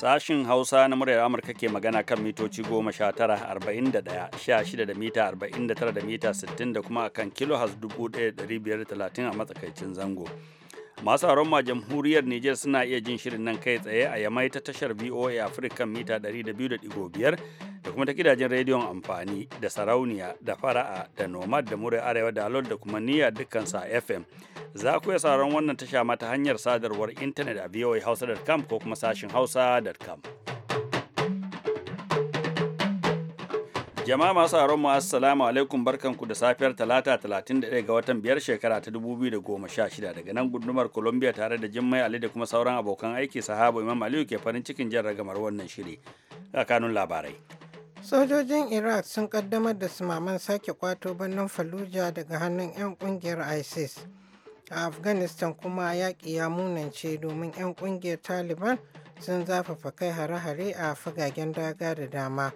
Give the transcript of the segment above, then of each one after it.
Sashin Hausa na muryar Amurka ke magana kan mitoci goma sha tara arba'in da ɗaya sha shida da mita arba'in da tara da mita sittin da kuma akan kilohas dubu ɗaya da ɗari biyar da talatin a matsakaicin zango. masu haron ma jamhuriyar Nijar suna iya jin shirin nan kai tsaye a yamai ta tashar VOA Africa mita 200.5 da kuma ta gidajen rediyon amfani da sarauniya da fara'a da nomad da murai arewa da alod da kuma niyya dukkansa FM. Za ku iya sauran wannan tasha ta hanyar sadarwar intanet a voahausa.com ko kuma sashin hausa.com. Jama'a masu aron mu assalamu alaikum barkanku da safiyar talata 31 ga watan biyar shekara ta 2016 daga nan gundumar Columbia tare da Jimmai Ali da kuma sauran abokan aiki sahabo Imam Aliyu ke farin cikin jin ragamar wannan shiri. Ga kanun labarai. Sojojin Iraq sun kaddamar da sumaman sake kwato birnin Fallujah daga hannun 'yan kungiyar ISIS. A Afghanistan kuma yaƙi ya munance domin 'yan kungiyar Taliban sun zafafa kai hare-hare a fagagen daga da dama.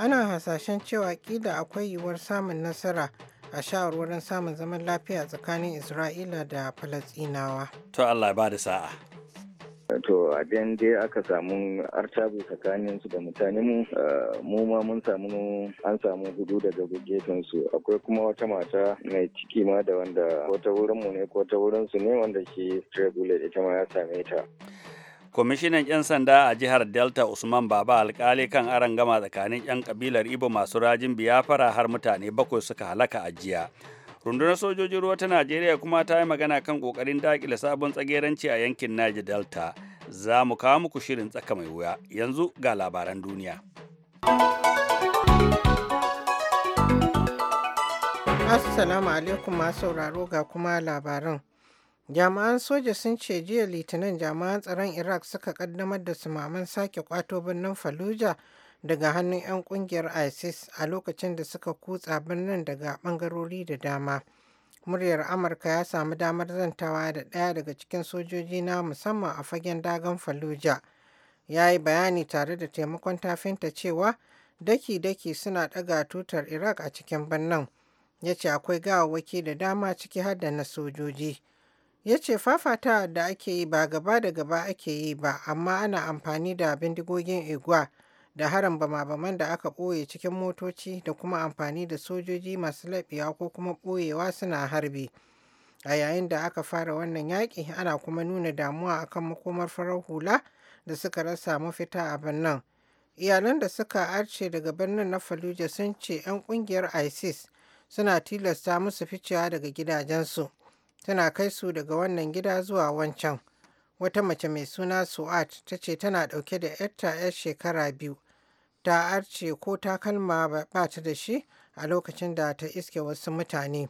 ana hasashen cewa ƙila akwai yiwuwar samun nasara a shawarwarin samun zaman lafiya tsakanin isra'ila da falasinawa to allah ba da sa'a to a dai aka samu artabu tsakanin su da mutane mu eh, mu ma mun samu an samu gudu daga gefen su akwai kuma wata mata mai ciki ma da wanda ko wurin mu ne ko ta wurin su ne wanda ke ita ma ya same ta kwamishinan 'yan sanda a jihar delta usman baba alkali kan aron gama tsakanin 'yan kabilar ibo masu rajin biyafara har mutane bakwai suka halaka a jiya rundunar sojojin ruwa ta najeriya kuma ta yi magana kan kokarin dakile sabon tsageranci a yankin naji delta za mu kawo muku shirin tsaka mai wuya yanzu ga labaran duniya assalamu alaikum masu sauraro ga kuma labaran jami'an soja sun ce jiya litinin jami'an tsaron iraq suka kaddamar da sumaman sake kwato birnin fallujah daga hannun 'yan kungiyar isis a lokacin da suka kutsa birnin daga bangarori da dama muryar amurka ya samu damar zantawa da ɗaya daga cikin sojoji na musamman a fagen dagan fallujah ya yi bayani tare da taimakon tafinta cewa daki-daki suna ɗaga tutar iraq a cikin birnin ya ce akwai gawawwaki da dama ciki har da na sojoji ya ce fafatawa da ake yi ba gaba da gaba ake yi ba amma ana amfani da bindigogin igwa da harin bama-baman da aka ɓoye cikin motoci da kuma amfani da sojoji masu laɓewa ko kuma ɓoyewa suna harbi a yayin da aka fara wannan yaƙi ana kuma nuna damuwa a kan makomar farar hula da suka rasa mafita a birnin iyalan da suka arce daga birnin na fallujah sun ce 'yan ƙungiyar isis suna tilasta musu ficewa daga gidajensu tana kai su daga wannan gida zuwa wancan wata mace mai suna Su'at ta ce tana dauke da yarta 'yar shekara biyu ta arce ko takalma ba ta da shi a lokacin da ta iske wasu mutane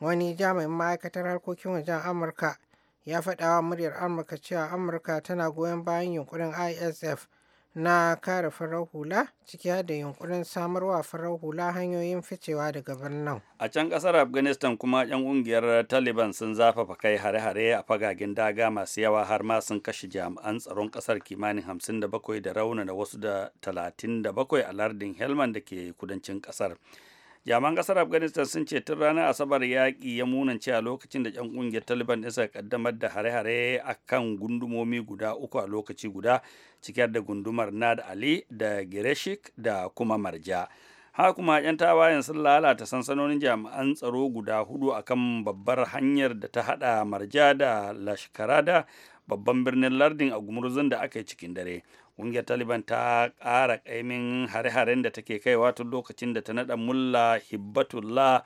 wani jami'in ma'aikatar harkokin wajen amurka ya faɗawa muryar amurka cewa amurka tana goyon bayan yunkurin isf na kare farar hula ciki har da yunkurin samarwa farar hula hanyoyin ficewa daga birnin. A can kasar Afghanistan kuma 'yan kungiyar Taliban sun zafafa kai hare-hare a fagagen daga masu yawa har ma sun kashe jami'an tsaron kasar kimanin 57 da raunana wasu da 37 a lardin helman da ke kudancin kasar. jami'an kasar afghanistan sun ce tun ranar asabar yaƙi ya munance a lokacin da 'yan ƙungiyar taliban ɗin suka kaddamar da hare-hare a kan gundumomi guda uku a lokaci guda cikar da gundumar nad ali da gireshik da kuma marja haka kuma 'yan tawayen sun lalata sansanonin jami'an tsaro guda hudu a kan babbar hanyar da ta haɗa marja da lashkarada babban birnin lardin a gumurzun da aka yi cikin dare ƙungiyar taliban ta ƙara ƙaimin hare-haren da take kaiwa tun lokacin da ta naɗa mulla hibbatullah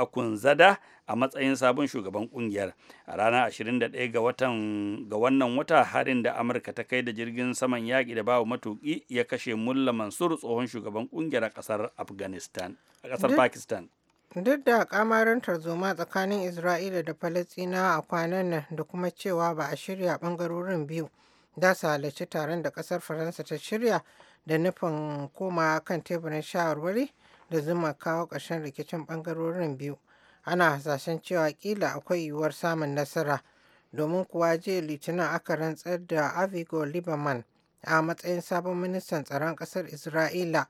a kunzada a matsayin sabon shugaban ƙungiyar. a ranar 21 ga wannan wata harin da amurka ta kai da jirgin saman yaƙi da bawa matuƙi ya kashe mulla mansur tsohon shugaban ƙungiyar a ƙasar afghanistan a ƙasar pakistan duk da kamarin tarzoma tsakanin isra'ila da falastina a kwanan nan da kuma cewa ba a shirya bangarorin biyu da su halarci taron da kasar faransa ta shirya da nufin koma kan teburin shawarwari da zuma kawo ƙarshen rikicin bangarorin biyu ana hasashen cewa kila akwai yiwuwar samun nasara domin kuwa jiya litinin aka rantsar da avigo liberman a matsayin sabon ministan tsaron kasar isra'ila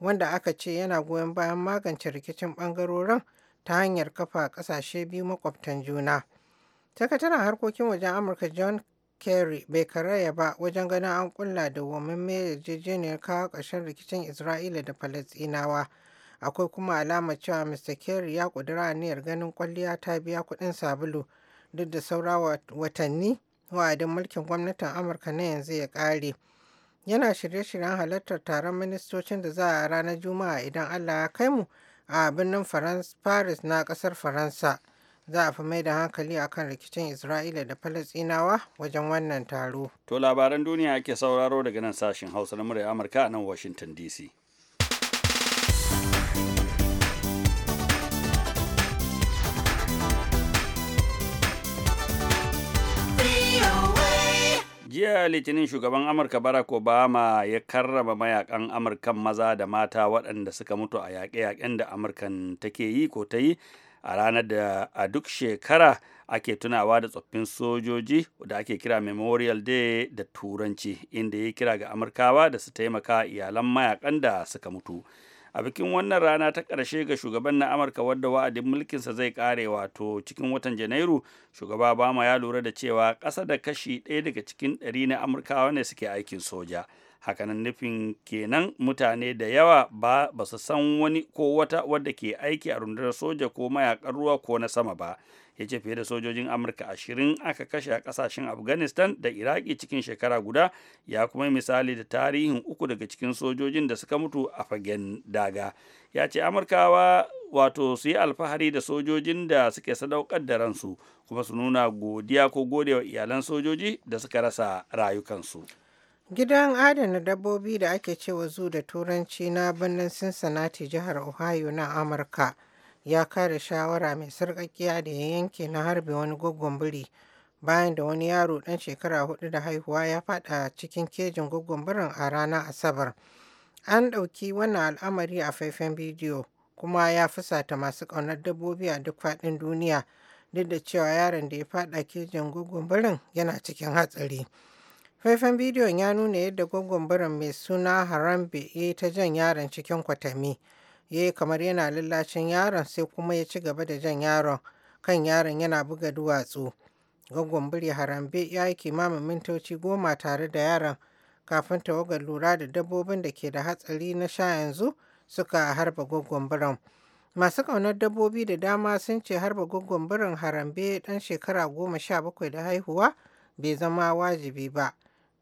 wanda aka ce yana goyon bayan magance rikicin bangarorin ta hanyar kafa ƙasashe biyu makwabtan juna sakataren harkokin wajen amurka john Kerry bai karaya ba wajen ganin an kulla mai yarjejeniyar kawo ƙarshen rikicin Isra'ila da Falasɗinawa. Akwai kuma alamar cewa Mr. Kerry ya ƙudura aniyar ganin kwalliya ta biya kuɗin sabulu duk da saura watanni wa'adin mulkin gwamnatin Amurka na yanzu ya ƙare. Yana shirye-shiryen halartar taron ministocin da za a ranar Juma'a idan Allah ya kai mu a birnin Paris na ƙasar Faransa. za a fi mai da hankali a kan rikicin Isra'ila da Falasɗinawa wajen wannan taro. To labaran duniya ake sauraro daga nan sashen Hausa na murya Amurka a nan Washington DC. jiya litinin shugaban amurka barack obama ya karrama mayakan amurkan maza da mata waɗanda suka mutu a yaƙe-yaƙen da amurkan take yi ko ta yi a ranar da a duk shekara ake tunawa da tsoffin sojoji da ake kira memorial day da turanci inda ya kira ga amurkawa da su taimaka iyalan mayakan da suka mutu a bikin wannan rana ta ƙarshe ga shugaban na amurka wadda wa'adin mulkinsa zai ƙare wato cikin watan janairu shugaba bama ya lura da cewa ƙasa da kashi ɗaya daga cikin ɗari na amurkawa ne suke aikin soja hakanan nufin kenan mutane da yawa ba ba su san wani ko wata wadda ke aiki a rundunar soja ko mayakan ruwa ko na sama ba ya ce fiye da sojojin amurka ashirin aka kashe a kasashen afghanistan da iraki cikin shekara guda ya kuma misali da tarihin uku daga cikin sojojin da suka mutu a fagen daga ya ce amurkawa wato su yi alfahari da sojojin da suke sadaukar da ransu kuma su nuna godiya ko godewa iyalan sojoji da suka rasa rayukansu Gidan adana dabbobi da ake cewa zoo da Turanci na birnin Cincinnati jihar Ohio na Amurka ya kada shawara mai sarƙaƙiya da ya yanke na harbe wani gwaggon biri bayan da wani yaro ɗan shekara hudu da haihuwa ya faɗa cikin kejin gwaggon birin a ranar Asabar. An ɗauki wannan al'amari a faifan bidiyo kuma ya fusata masu ƙaunar dabbobi a duk faɗin duniya duk da cewa yaron da ya faɗa kejin gwaggon birin yana cikin hatsari. Faifan bidiyon ya nuna yadda gwaggon mai suna harambe ya yi ta jan yaron cikin kwatami. Ya yi kamar yana lallacin yaron sai kuma ya ci gaba da jan yaron, kan yaron yana buga duwatsu. Gwaggon biri harambe ya yi kimanin mintoci goma tare da yaron kafin tawagar lura da dabbobin da ke da hatsari na sha yanzu suka harba gwaggon Masu ƙaunar dabbobi da dama sun ce harba gwaggon birin harambe ɗan shekara goma sha bakwai da haihuwa bai zama wajibi ba.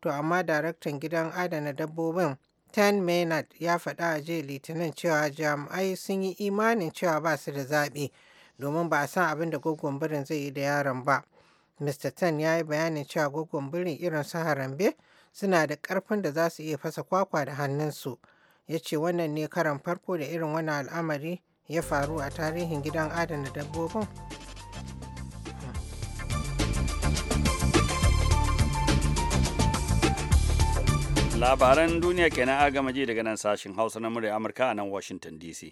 to amma daraktan gidan adana dabbobin Ten Maynard ya faɗa a jiya Litinin cewa jami'ai sun yi imanin cewa ba su da zaɓi domin ba a san abin da gwaggon birin zai yi da yaron ba. Mr. Ten ya yi bayanin cewa gwaggon birin irin su harambe suna da ƙarfin da za su iya fasa kwakwa da hannunsu. Ya ce wannan ne karan farko da irin wani al'amari ya faru a tarihin gidan adana dabbobin labaran duniya kenan a gama ji daga nan sashin hausa na murya amurka a nan washington dc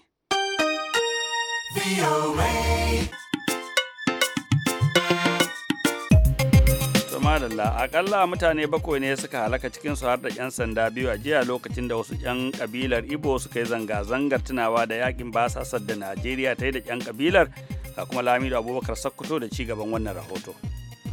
madalla akalla mutane bakwai ne suka halaka cikinsu har da 'yan sanda biyu a jiya lokacin da wasu 'yan kabilar ibo suka yi zanga-zangar tunawa da yakin basasar da najeriya ta yi da 'yan kabilar kuma lamido abubakar sakkuto da ci gaban wannan rahoto.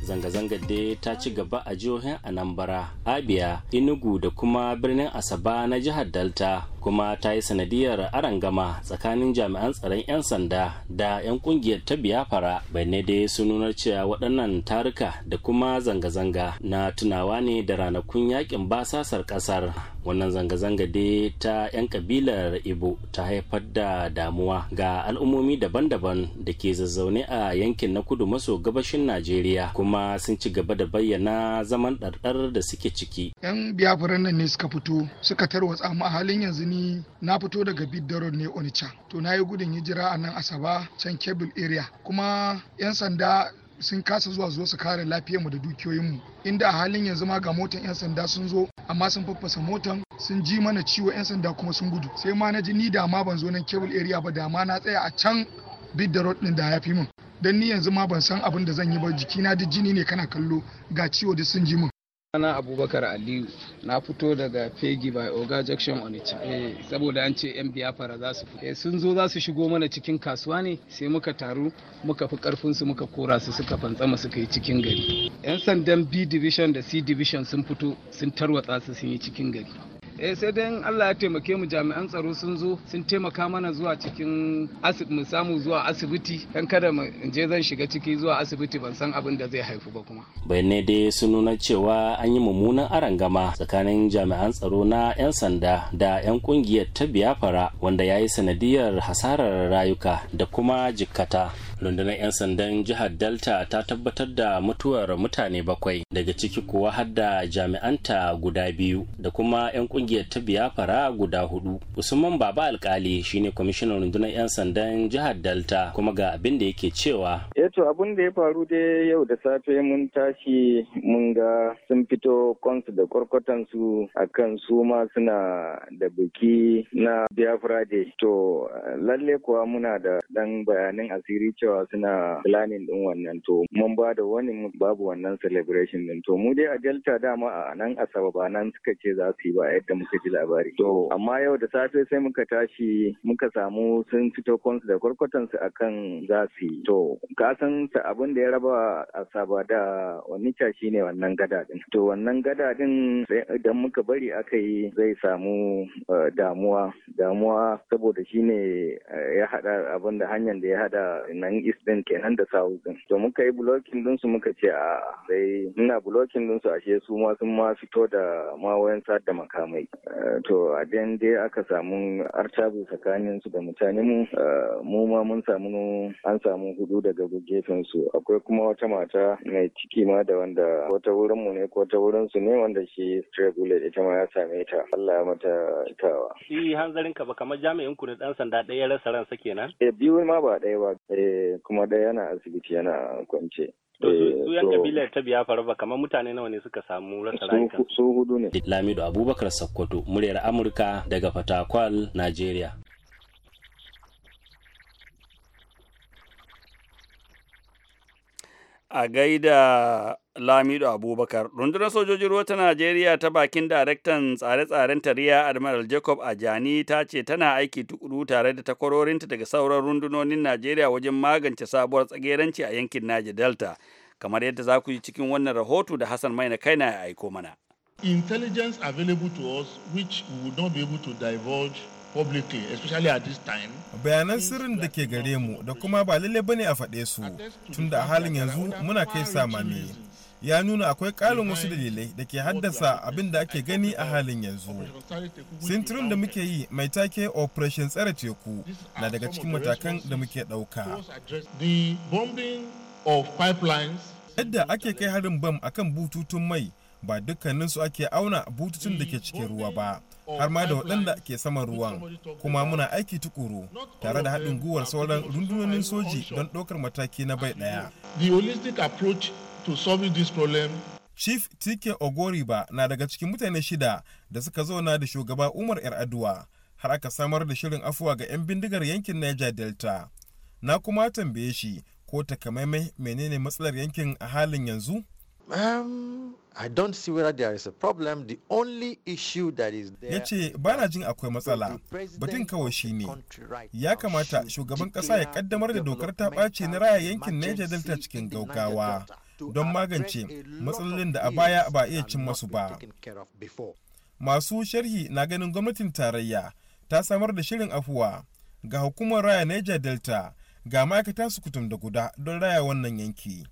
zanga-zangar da ta ci gaba a jihohin anambra abia inugu da kuma birnin asaba na jihar delta kuma ta yi sanadiyar arangama tsakanin jami'an tsaron 'yan sanda da 'yan kungiyar ta biyafara bayanai dai sun nuna cewa waɗannan Tarika da kuma zanga-zanga na tunawa ne da ranakun yakin basasar ƙasar wannan zanga-zanga dai ta 'yan kabilar ibo ta haifar da damuwa ga al'ummomi daban-daban da ke zazzaune a yankin na kudu maso gabashin najeriya kuma sun ci gaba da bayyana zaman ɗarɗar da suke ciki 'yan biyafaran nan ne suka fito suka tarwatsa mu a halin yanzu ni na fito daga bidda ne onitsha to na yi gudun hijira a nan asaba can kebul area kuma 'yan sanda sun kasa zuwa zuwa su kare lafiyarmu da dukiyoyinmu inda a halin yanzu ma ga motan 'yan sanda sun zo amma sun fafasa motan sun ji mana ciwo 'yan sanda kuma sun gudu sai ma na ji ni da ma ban zo nan kebul area ba da ma na tsaya a can bid da din da ya fi min dan ni yanzu ma ban san abin da zan yi ba jikina duk jini ne kana kallo ga ciwo da sun ji min Sana Abubakar Aliyu na fito daga Fegi by Oga Junction Onitsha. Eh, saboda an ce 'yan biyafara za su fito. Eh, sun zo za su shigo mana cikin kasuwa ne sai muka taru muka fi karfin su muka kora su suka fantsama suka yi cikin gari. 'Yan sandan B division da C division sun fito sun tarwatsa su sun yi cikin gari. eh sai dai Allah ya taimake mu jami'an tsaro sun zo sun taimaka mana zuwa cikin asibiti mu samu zuwa asibiti dan kada mu je zan shiga ciki zuwa asibiti ban san abin da zai haifu ba kuma bayanai dai sun nuna cewa an yi mummunan arangama tsakanin jami'an tsaro na 'yan sanda da 'yan kungiyar ta biyafara wanda ya yi sanadiyar hasarar rayuka da kuma jikkata rundunar 'yan sandan jihar delta ta tabbatar da mutuwar mutane bakwai daga ciki kuwa hadda jami'anta guda biyu da kuma 'yan kungiyar ta biyafara guda hudu usman baba alkali shine kwamishinan rundunar 'yan sandan jihar delta kuma ga abin da yake cewa eto eh abin da ya faru dai yau da safe mun tashi mun ga sun fito kwansu da kwarkwatansu akan su ma suna da biki na biafra to lalle kuwa muna da dan bayanin asiri cewa cewa suna planning din wannan to mun ba da wani babu wannan celebration din to mu dai a Delta dama a nan Asaba ba nan suka ce za su yi ba yadda muka ji labari to amma yau da safe sai muka tashi muka samu sun fito kansu da kwarkwatan su akan za su yi to ka san abin da ya raba Asaba da wani ta shine wannan gada din to wannan gada din idan muka bari aka yi zai samu eh, damuwa damuwa saboda shine eh, ya hada abin da hanyar da ya hada nan din east din kenan da south din to muka yi blocking din su muka ce a sai muna blocking din su ashe su ma sun ma fito da ma wayan da makamai eh, to a den dai aka samu artabu tsakanin su da mutane mu eh, mu ma mun samu an samu hudu daga gefen su akwai kuma wata mata mai ciki ma da wanda ko ta wurin mu ne ko ta wurin su ne wanda shi stray bullet ita ma ya same ta Allah ya mata itawa shi hanzarin ka ba kamar jami'in ku ne dan sanda ɗaya rasa ransa kenan eh biyu ma ba ɗaya ba eh Eh, kuma ɗaya yana asibiti yana kwance eh, su yan kabilar ta biya faru ba kamar mutane nawa ne suka samu rasa rayuka. Su hudu ne. Lamido Abubakar Sokoto muryar Amurka daga Fatakwal, Najeriya. A gaida Lamido Abubakar. Rundunar sojojin ruwa ta Najeriya ta bakin daraktan tsare-tsaren tariya Admiral Jacob Ajani ta ce tana aiki tukuru tare da takwarorinta daga sauran rundunonin Najeriya wajen magance sabuwar tsageranci a yankin Niger Delta. Kamar yadda za ku yi cikin wannan rahoto da Hassan Maina kaina ya aiko mana. Intelligence available to us which we would not be able to divulge bayanan sirrin da ke gare mu da kuma ba lalle bane a faɗe su tunda a halin yanzu muna kai samami ya nuna akwai ƙarin wasu dalilai da ke haddasa abin da ake gani a halin yanzu. Sintirin da muke yi mai take Operation Tsare Teku na daga cikin matakan da muke ɗauka. Yadda ake kai harin bam akan bututun mai ba dukkaninsu ake auna bututun da ke cikin ruwa ba. har ma da waɗanda ke saman ruwan kuma muna aiki tukuru tare da haɗin gwiwar sauran rundunonin soji don ɗaukar mataki na bai ɗaya. to solve this problem. Chief TK Ogoriba na daga cikin mutane shida da suka zauna da shugaba Umar Yar Yar'adua har aka samar da shirin afuwa ga 'yan bindigar yankin Niger Delta. Na kuma tambaye shi ko takamaimai menene matsalar yankin a halin yanzu? Um, I don't see whether there is a problem. The only issue that is there. Ya ce ba na jin akwai matsala. Batun kawai shi ne. Ya kamata shugaban kasa ya kaddamar da dokar ta ɓace na raya yankin Niger Delta cikin gaugawa. don magance matsalolin da a baya ba iya cin masu ba. Masu sharhi na ganin gwamnatin tarayya ta samar da shirin afuwa ga hukumar raya Niger Delta ga ma'aikata su kutum da guda don raya wannan yanki.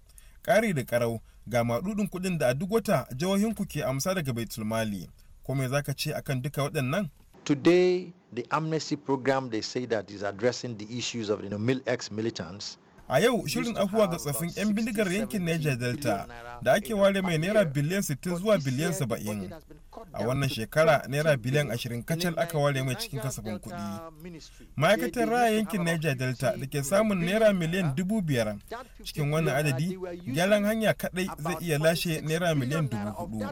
Ƙari da ƙarau ga maɗuɗin kuɗin da a duk wata ku ke amsa daga Baitulmali. Ko me za ka ce akan duka waɗannan? Today, the amnesty program they say that is addressing the issues of the you know, ex-militants a yau shirin afuwa ga tsafin 'yan bindigar yankin niger delta da ake ware mai naira biliyan 60 zuwa biliyan 70 a wannan shekara naira biliyan ashirin kacal aka ware mai cikin kasafin kuɗi ma'aikatar raya yankin niger delta da ke samun naira miliyan dubu biyar cikin wannan adadi gyaran hanya kaɗai zai iya lashe naira miliyan dubu hudu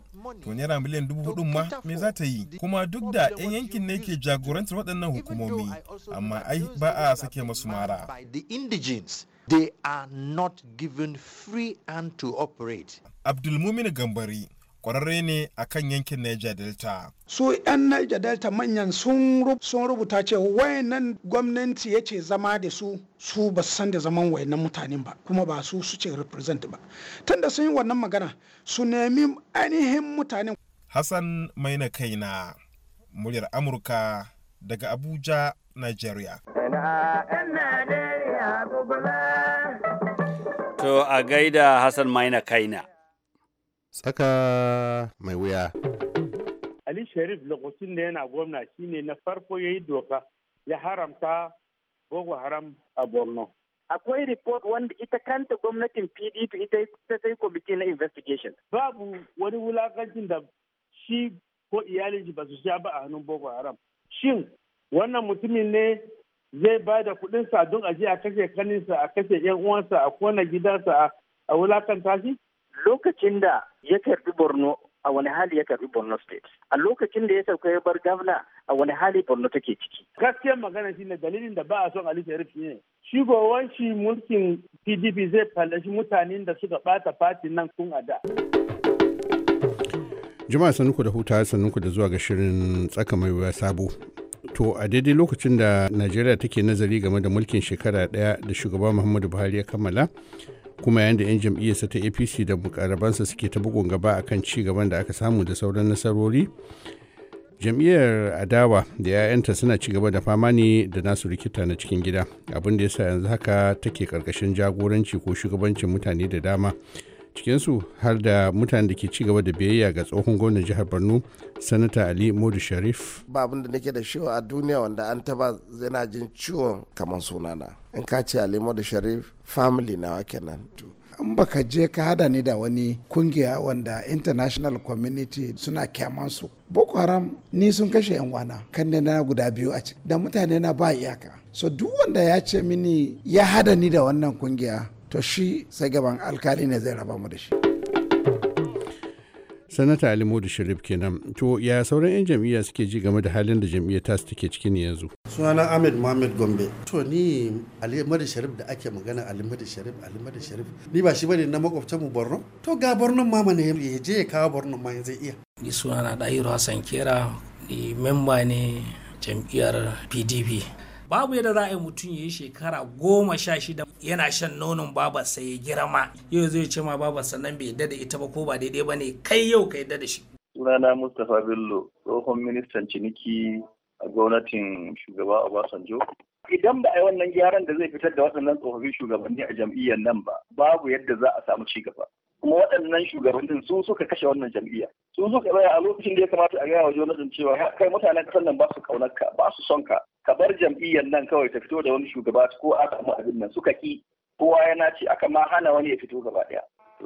to naira miliyan dubu hudun ma me za ta yi kuma duk da 'yan yankin ne ke jagorantar waɗannan hukumomi amma ai ba a sake masu mara They are not given free hand to operate. Abdulmumin Gambari kwararre ne a kan yankin Niger Delta. Su 'yan Niger Delta manyan sun rubuta ce wayannan gwamnati ya ce zama da su su ba san da zaman wayannan mutanen ba kuma ba su su ce represent ba. Tunda sun yi wannan magana su nemi ainihin mutanen. Hassan Maina Kaina, muryar Amurka daga Abuja, Nigeria. To a gaida Hassan Maina Kaina. tsaka mai wuya. Ali Sharif lokacin da yana gwamna ne na farko ya yi doka ya haramta Boko Haram a Borno. Akwai report wanda ita kanta gwamnatin PDP ita ta sai kwamiti na investigation. Babu wani wulakancin da shi ko iyalin shi ba su sha ba a hannun Boko Haram. Shin wannan mutumin ne zai ba da kuɗin sa don aje a kashe kaninsa a kashe yan uwansa a kona gidansa a wulakanta shi? lokacin da ya karbi borno a wani hali ya karbi borno state a lokacin da ya sauka ya bar gavna a wani hali borno take ciki gaskiyar magana shine dalilin da ba a son ali sharif ne shi mulkin pdp zai fallashi mutanen da suka bata fatin nan tun a da jama'a sanuku da huta sanuku da zuwa ga shirin tsaka mai wuya sabo to a daidai lokacin da najeriya take nazari game da mulkin shekara daya da shugaba muhammadu buhari ya kammala kuma yayin da 'yan jam'iyyarsa ta apc da mukarabansa suke ta bugun gaba akan ci gaban da aka samu da sauran nasarori jam'iyyar adawa da 'ya'yanta suna ci gaba da fama ne da nasu rikita na cikin gida abin da ya sa yanzu haka take karkashin jagoranci ko shugabancin mutane da dama cikinsu har da mutanen da ke ci gaba da biyayya ga tsohon gwamnan jihar borno sanata ali modu sharif ba da nake da shi a duniya wanda an taba yana jin ciwon kamar sunana in ka ce ali modu sharif family nawa kenan an baka je ka hada ni da wani kungiya wanda international community suna kyaman su boko haram ni sun kashe yan wana kan na guda biyu a da mutane na ba iyaka so duk wanda ya ce mini ya hada ni da wannan kungiya to shi sai gaban alkali ne zai raba mu da shi sanata ali modu sharif kenan to ya sauran 'yan jam'iyya suke ji game da halin da jam'iyyar ta take cikin yanzu sunana ahmed mohamed gombe to ni ali modu sharif da ake magana ali modu sharif ali modu sharif ni ba shi bane na makwabtan mu borno to ga borno ma mana ya je ya kawo borno ma zai iya ni sunana dahiru hassan kera ni memba ne jam'iyyar pdp babu yadda za a yi mutum ya yi shekara goma sha shida yana shan nonon babarsa ya girma yau zai ce ma babarsa sannan bai yadda da ita ba ko ba daidai ba ne kai yau ka yadda da shi. sunana mustapha bello tsohon ministan ciniki a gwamnatin shugaba obasanjo idan ba a yi wannan gyaran da zai fitar da waɗannan tsofaffin shugabanni a jam'iyyar nan ba babu yadda za a samu ci gaba kuma waɗannan shugabannin su suka kashe wannan jam'iyya su suka tsaya a lokacin da ya kamata a gaya wa Jonathan cewa kai mutanen ƙasar nan ba su kaunar ka ba su son ka ka bar jam'iyyar nan kawai ta fito da wani shugaba ko a samu abin nan suka ki kowa yana ce aka ma hana wani ya fito gaba ɗaya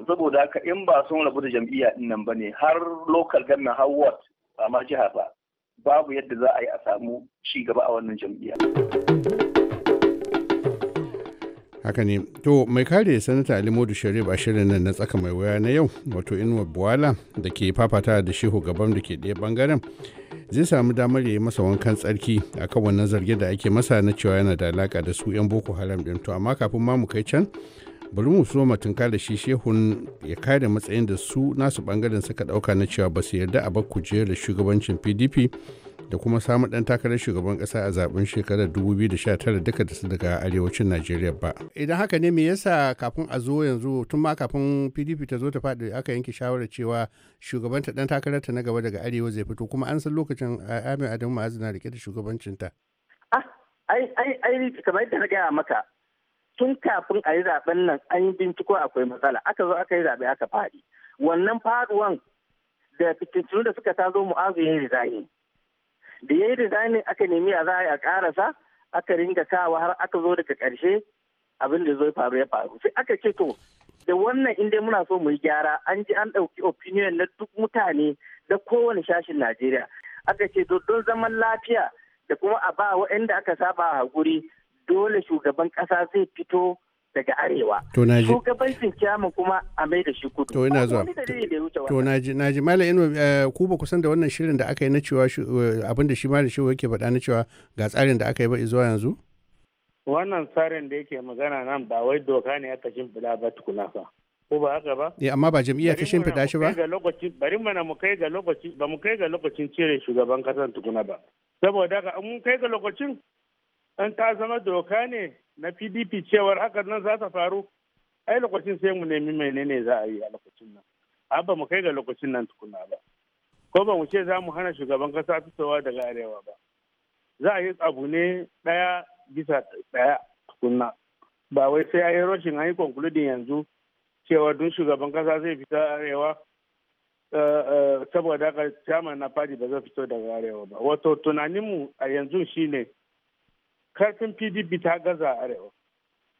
saboda haka in ba sun rabu da jam'iyya ɗin nan ba ne har local government har ward ba ma jiha ba babu yadda za a yi a samu ci gaba a wannan jam'iyya. haka ne to mai kare sanata ali modu sharif a shirin nan na tsaka mai waya na yau wato inuwa buwala da ke fafata da shehu gaban da ke ɗaya bangaren zai samu damar ya yi masa wankan tsarki a kan wannan zarge da ake masa na cewa yana da alaka da su yan boko haram ɗin to amma kafin ma mu kai can bari mu so matunka da shi shehun ya kare matsayin da su nasu bangaren suka dauka na cewa ba su yarda a ba kujerar shugabancin pdp da kuma samun dan takarar shugaban kasa a zaben shekarar 2019 duka da su daga arewacin najeriya ba idan haka ne me yasa kafin a zo yanzu tun ma kafin pdp ta zo ta faɗi aka yanke shawarar cewa shugabanta dan takarar ta na gaba daga arewa zai fito kuma an san lokacin amin adamu ma'azina rike da shugabancinta ah, ai ai ai kamar yadda na gaya maka tun kafin a yi zaben nan an yi binciko akwai matsala aka zo aka yi zaɓe aka faɗi wannan faɗuwan da fitintunu da suka tazo mu'azu ya yi rizani da ya yi rizani aka nemi a za a ƙarasa aka ringa kawa har aka zo daga ƙarshe abin da zai faru ya faru sai aka ce to da wannan in dai muna so mu yi gyara an ji an ɗauki opinion na duk mutane da kowane shashin najeriya aka ce don zaman lafiya da kuma a ba waɗanda aka saba a haƙuri. dole shugaban ƙasa zai fito daga arewa. To na ji. Shugabancin ciyaman kuma a mai da shi kudu. To ina zuwa. To na ji na ji Malam Inu eh, ku ba kusan da wannan shirin da aka yi na cewa eh, abin da shi Malam Shehu yake faɗa na cewa ga tsarin da aka yi ba zuwa yanzu? Wannan tsarin da yake magana nan ba wai doka ne aka shimfiɗa ba tukuna fa. Ko ba haka ba? Eh amma ba jam'iyya ta shimfiɗa shi ba? Bari mana mu kai ga lokaci ba mu kai ga lokacin cire shugaban kasan tukuna ba. Saboda haka mun kai ga lokacin in ta zama doka ne na pdp cewar hakan nan za ta faru ai lokacin sai mu nemi menene za a yi a lokacin nan abba mu kai ga lokacin nan tukuna ba ko ba mu ce za mu hana shugaban kasa fitowa daga arewa ba za a yi abu ne daya bisa daya tukuna ba wai sai a yi rashin an yi yanzu cewa duk shugaban kasa zai fita arewa eh, eh, saboda haka chairman na fadi ba zai fito daga arewa ba wato tunaninmu a yanzu shine karfin pdp ta gaza arewa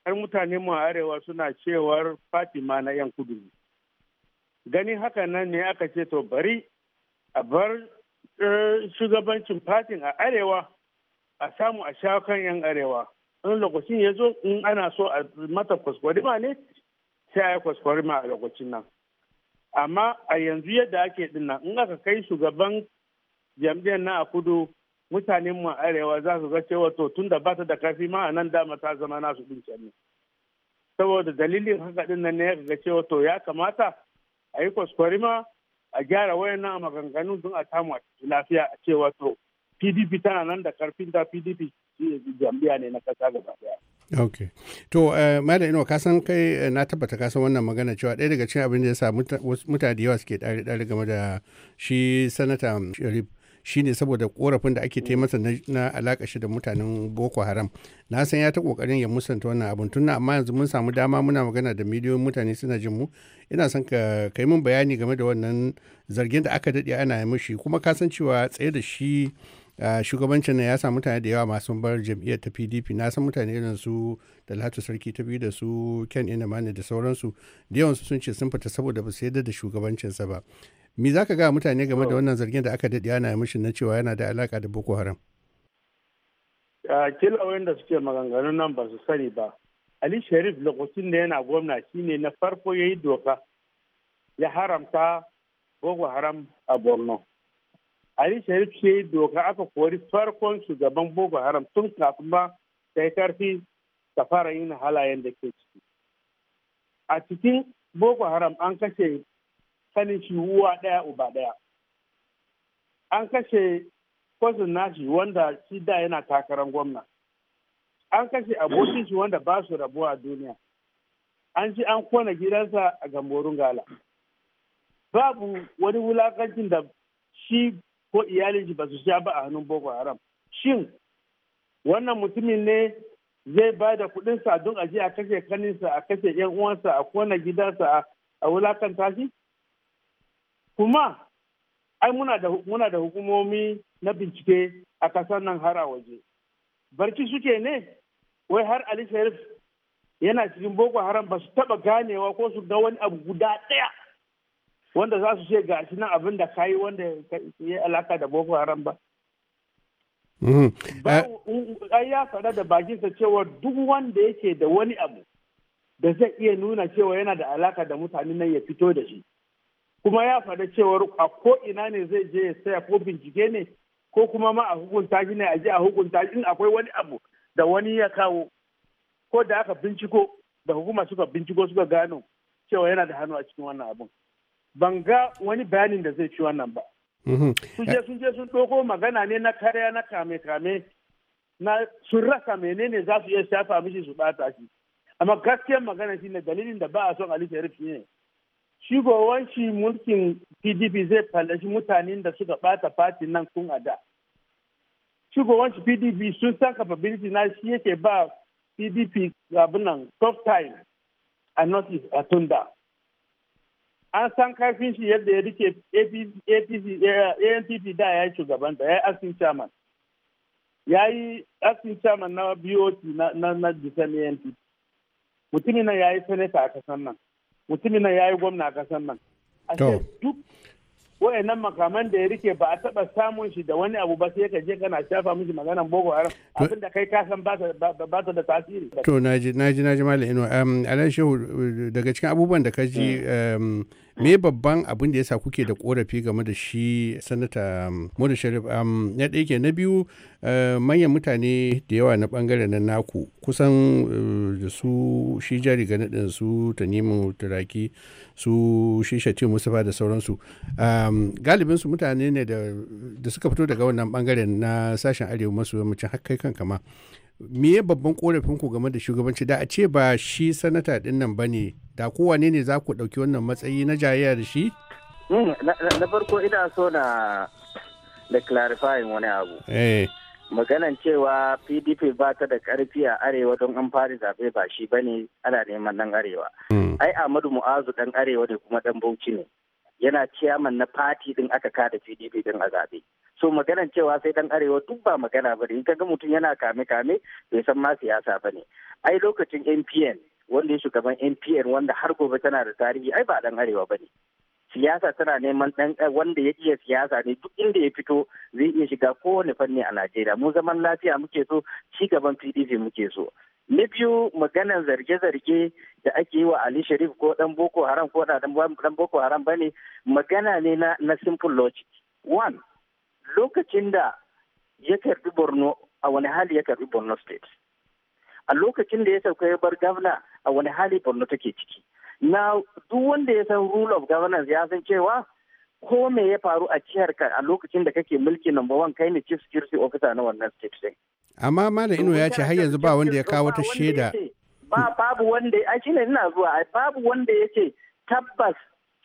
har mutane mu arewa suna cewar fatima na yan kudu Gani haka nan ne aka ce to bari a bar eh, shugabancin fatin a arewa a samu a sha kan yan arewa in lokacin ya zo in ana so a mata kwaskwarima ne sai a yi kwaskwarima a lokacin nan amma a yanzu yadda ake dinnan in aka kai shugaban jam'iyyar na a kudu mutanen mu arewa za su ga cewa to tun da ba ta da karfi ma a nan dama ta zama nasu din ne saboda dalilin haka din nan ne ya ga cewa to ya kamata a yi kwaskwarima a gyara a maganganu don a samu lafiya a cewa to pdp tana nan da karfin ta pdp jam'iyya ne na kasa gaba daya ok to uh, eh, da ino ka san kai uh, na tabbata ka san wannan magana cewa ɗaya daga cikin abin da ya sa mutane da yawa suke ɗari ɗari game da shi sanata sharif Shi ne saboda korafin da ake taimasa na alaka shi da mutanen boko haram na san ya ta kokarin ya musanta wannan abin tunna amma yanzu mun samu dama muna magana da miliyoyin mutane suna jin mu ina son ka kai min bayani game da wannan zargin da aka dade ana mishi kuma ka san cewa tsaye da shi shugabancin nan ya sa mutane da yawa masu bar jam'iyyar ta pdp na san mutane irin su dalhatu sarki ta biyu da su ken inamani da sauransu da yawansu sun ce sun fita saboda ba su yarda da shugabancinsa ba Me za ka ga mutane game da wannan zargin da aka daɗe ana mishi na cewa yana da alaƙa da Boko Haram? Kila wanda suke maganganun nan ba su sani ba. Ali Sharif lokacin da yana gwamna ne na farko ya yi doka ya haramta Boko Haram a Borno. Ali Sharif ya yi doka aka kori farkon shugaban Boko Haram tun kafin ma ta yi karfi ta fara yin halayen da ke ciki. A cikin Boko Haram an kashe kanin shi uwa ɗaya uba ɗaya an kashe kwasin nashi wanda shi da yana takarar gwamna an kashe abokin shi wanda ba su rabuwa a duniya an ci an kona gidansa a gamborun gala babu wani wulakancin da shi ko iyalin shi ba su sha ba a hannun boko haram shin wannan mutumin ne zai ba da kuɗinsa don ji a kashe kaninsa a kashe yan uwansa a kona gidansa a wulakanta shi kuma ai muna da hukumomi na bincike a kasar nan har a waje barci suke ne wai har ali sharif yana cikin boko haram ba su taba ganewa ko su ga wani abu guda ɗaya wanda za su ce ga shi nan abin da kayi wanda ya alaka da boko haram ba mm-hmm. eh. ai ya faɗa da bakinsa cewa duk wanda yake da wani abu da zai iya nuna cewa yana da alaka da mutanen nan ya fito da shi kuma ya faɗa cewar a ko ina ne zai je ya saya ko bincike ne ko kuma ma a hukunta shi ne a je a hukunta in akwai wani abu da wani ya kawo ko da aka binciko da hukuma suka binciko suka gano cewa yana da hannu a cikin wannan abun ban ga wani bayanin da zai ci wannan ba mhm. sun je sun je sun ɗoko magana ne na karya na kame kame na sun rasa menene za su iya shafa mishi su ɓata shi amma gaskiyar magana shine dalilin da ba a son Ali Sharif ne shi mulkin pdp zai fallashi mutanen da suka bata fati nan tun a da shugabanci pdp sun san capability na shi yake ba pdp abin nan top time a north a tunda an san kafin shi yadda ya rike antp eh, da ya yi da. ya yi acting chairman ya yi acting chairman na bot na na antp mutumin nan ya yi senator a kasan nan mutumin nan ya yi gwamna a kasan nan a duk wa'annan makaman da ya rike ba a taba samun shi da wani abu ba sai ka je kana shafa mishi maganan boko haram abinda kai ka san ba ta da tasiri to naji naji naji malam ino um, alai shehu daga cikin abubuwan da ka ji mm. um, me babban abin da ya sa kuke da korafi game da shi sanata moda um, sharif um, na na biyu uh, manyan mutane da yawa na bangare na naku kusan da uh, su shi jari ga naɗin su tanimu turaki su shi shati mustapha da sauransu um, galibinsu mutane ne da suka fito daga wannan bangaren na sashen arewa maso yammacin har kai ma me babban korafin ku game da shugabanci da a ce ba shi sanata din nan ne. da kowane ne za ku ɗauki wannan matsayi na jayayya da shi hmm, na farko ina so na da clarifying wani abu eh. maganan cewa pdp ba ta da karfi a arewa don an fara zaɓe ba shi ba ne ana neman dan arewa hmm. ai ahmadu mu'azu dan arewa ne kuma dan bauchi ne yana ciyaman na fati din aka kada pdp din a zaɓe so maganan cewa sai dan arewa duk ba magana bane in kaga mutum yana kame kame bai san ma siyasa bane ai lokacin NPN wanda ya shugaban NPN wanda har gobe tana da tarihi ai ba dan arewa bane siyasa tana neman dan eh, wanda ya iya siyasa ne duk inda ya fito zai iya shiga kowane fanni a Najeriya mu zaman lafiya muke so ci gaban PDP muke so na biyu maganan zarge-zarge da ake yi wa Ali Sharif ko dan Boko Haram ko dan Boko Haram bane magana ne na na simple logic one lokacin da ya karbi borno a wani hali ya karbi borno state a lokacin da ya sauka ya bar gavana a wani hali borno take ciki na duk wanda ya san rule of governance ya san cewa ko me ya faru a ciyar ka a lokacin da kake mulki number one kai ne chief security officer na wannan state din amma malam ino ya ce har yanzu ba wanda ya kawo wata shaida ba babu wanda a shine ina zuwa babu wanda ya ce tabbas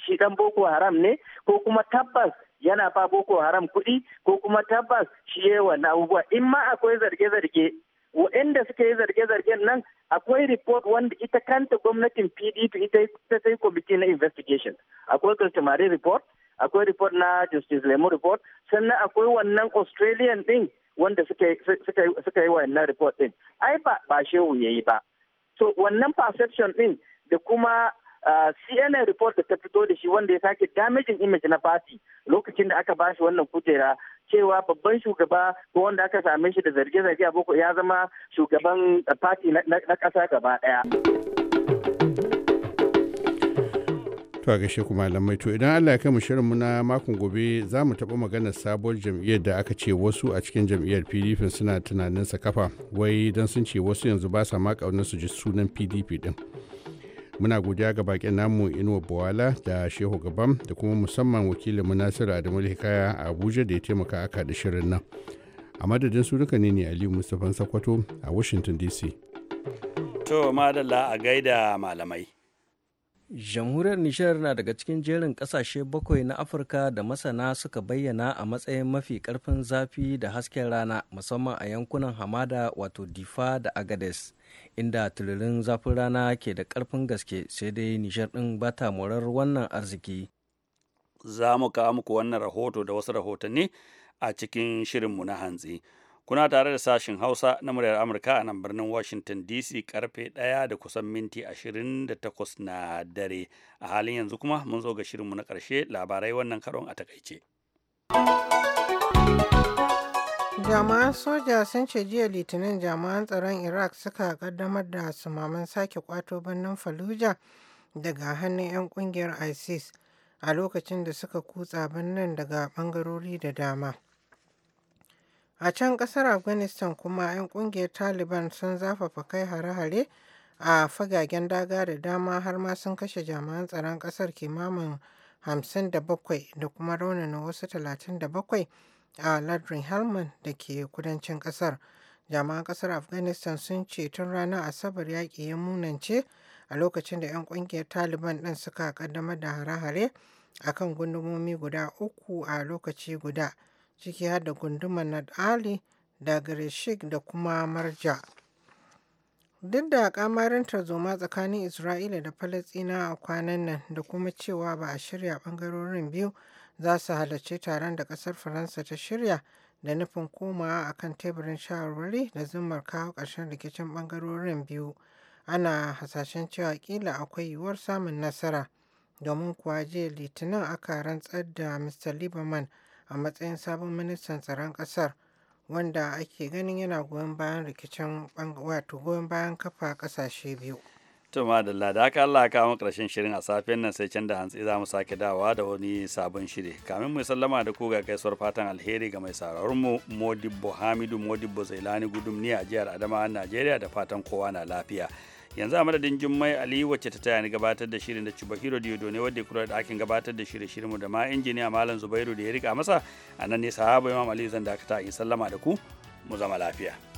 shi dan boko haram ne ko kuma tabbas yana fa boko haram kuɗi ko kuma tabbas shi ya wannan abubuwa in ma akwai zarge-zarge waɗanda suka yi zarge-zargen nan akwai report wanda ita kanta gwamnatin pdp ita ta sai kwamiti na investigation akwai customary report akwai report na justice lemu report sannan akwai wannan australian din wanda suka yi wannan report din ai ba shehu ya yi ba so wannan perception din da kuma CNN report da ta fito da shi wanda ya sake damaging image na party lokacin da aka bashi wannan kujera cewa babban shugaba ko wanda aka same shi da zarge-zarge a boko ya zama shugaban party na ƙasa gaba ɗaya. To a gaishe kuma lamai to idan Allah ya kai mu shirin mu na makon gobe za mu taɓa maganar sabuwar jam'iyyar da aka ce wasu a cikin jam'iyyar PDP suna tunanin sa kafa wai don sun ce wasu yanzu ba sa ma ƙaunar su ji sunan PDP din. muna godiya ga bakin namu inuwa bawala da shehu gaban da kuma musamman wakilin munasir adamu hikaya a abuja da ya taimaka aka da shirin nan a madadin su duka ne ne aliyu mustapha sakwato a washington dc to madalla a gaida malamai Jamhuriyar Nishar na daga cikin jerin ƙasashe bakwai na Afirka da masana suka bayyana a matsayin mafi karfin zafi da hasken rana musamman a yankunan hamada wato Difa da Agades, inda tulurin zafin rana ke da ƙarfin gaske sai dai Nishar ɗin ba ta morar wannan arziki. Za mu kawo muku wannan rahoto da wasu rahotanni a cikin shirinmu na hantsi. Kuna tare da sashin Hausa na muryar Amurka a nan birnin Washington DC karfe ɗaya da kusan minti 28 na dare. A halin yanzu kuma mun zo ga shirinmu na ƙarshe labarai wannan karon a takaice. jama'an soja sun ce jiya litinin jama'an tsaron iraq suka kaddamar da sumaman sake kwato birnin fallujah daga hannun 'yan kungiyar isis a lokacin da suka kutsa birnin daga bangarori da dama A can ƙasar Afghanistan kuma 'yan ƙungiyar Taliban sun zafafa kai hare-hare a fagagen daga da dama har ma sun kashe jami'an tsaron ƙasar kimanin 57 da kuma raunana wasu 37 a lardin Helmand da ke kudancin ƙasar. Jami'an ƙasar Afghanistan sun ce tun ranar Asabar yaƙi ya munance a lokacin da 'yan ƙungiyar Taliban ɗin suka ƙaddamar da hare-hare a kan gundumomi guda uku a lokaci guda. ciki har da gundumar Nad Ali da Gereshik da kuma Marja. Duk da kamarin tarzoma tsakanin Isra'ila da falastina a kwanan nan da kuma cewa ba a shirya bangarorin biyu za su halarci taron da kasar Faransa ta shirya da nufin komawa a kan teburin shawarwari da zumar kawo ƙarshen rikicin bangarorin biyu. Ana hasashen cewa kila akwai yiwuwar samun nasara domin kuwa jiya litinin aka rantsar da Mr. Lieberman a matsayin sabon ministan tsaron kasar wanda ake ganin yana goyon bayan rikicin wato goyon bayan kafa kasashe biyu. Tuma da da haka Allah kawo ƙarshen shirin a safiyan nan sai can da hantsi za mu sake dawa da wani sabon shiri. Kamin mu sallama da ku ga gaisuwar fatan alheri ga mai sauraron mu Modibbo Hamidu Modibbo Zailani gudun ni a jihar a Najeriya da fatan kowa na lafiya. yanzu a madadin jummai ali wacce ta taya ni gabatar da shirin da hero diyo ne wadda kula da akin gabatar da shirin shirinmu da ma injiniya malam zubairu da ya rika masa a nan ne sahaba imam ali zan dakata in sallama da ku mu zama lafiya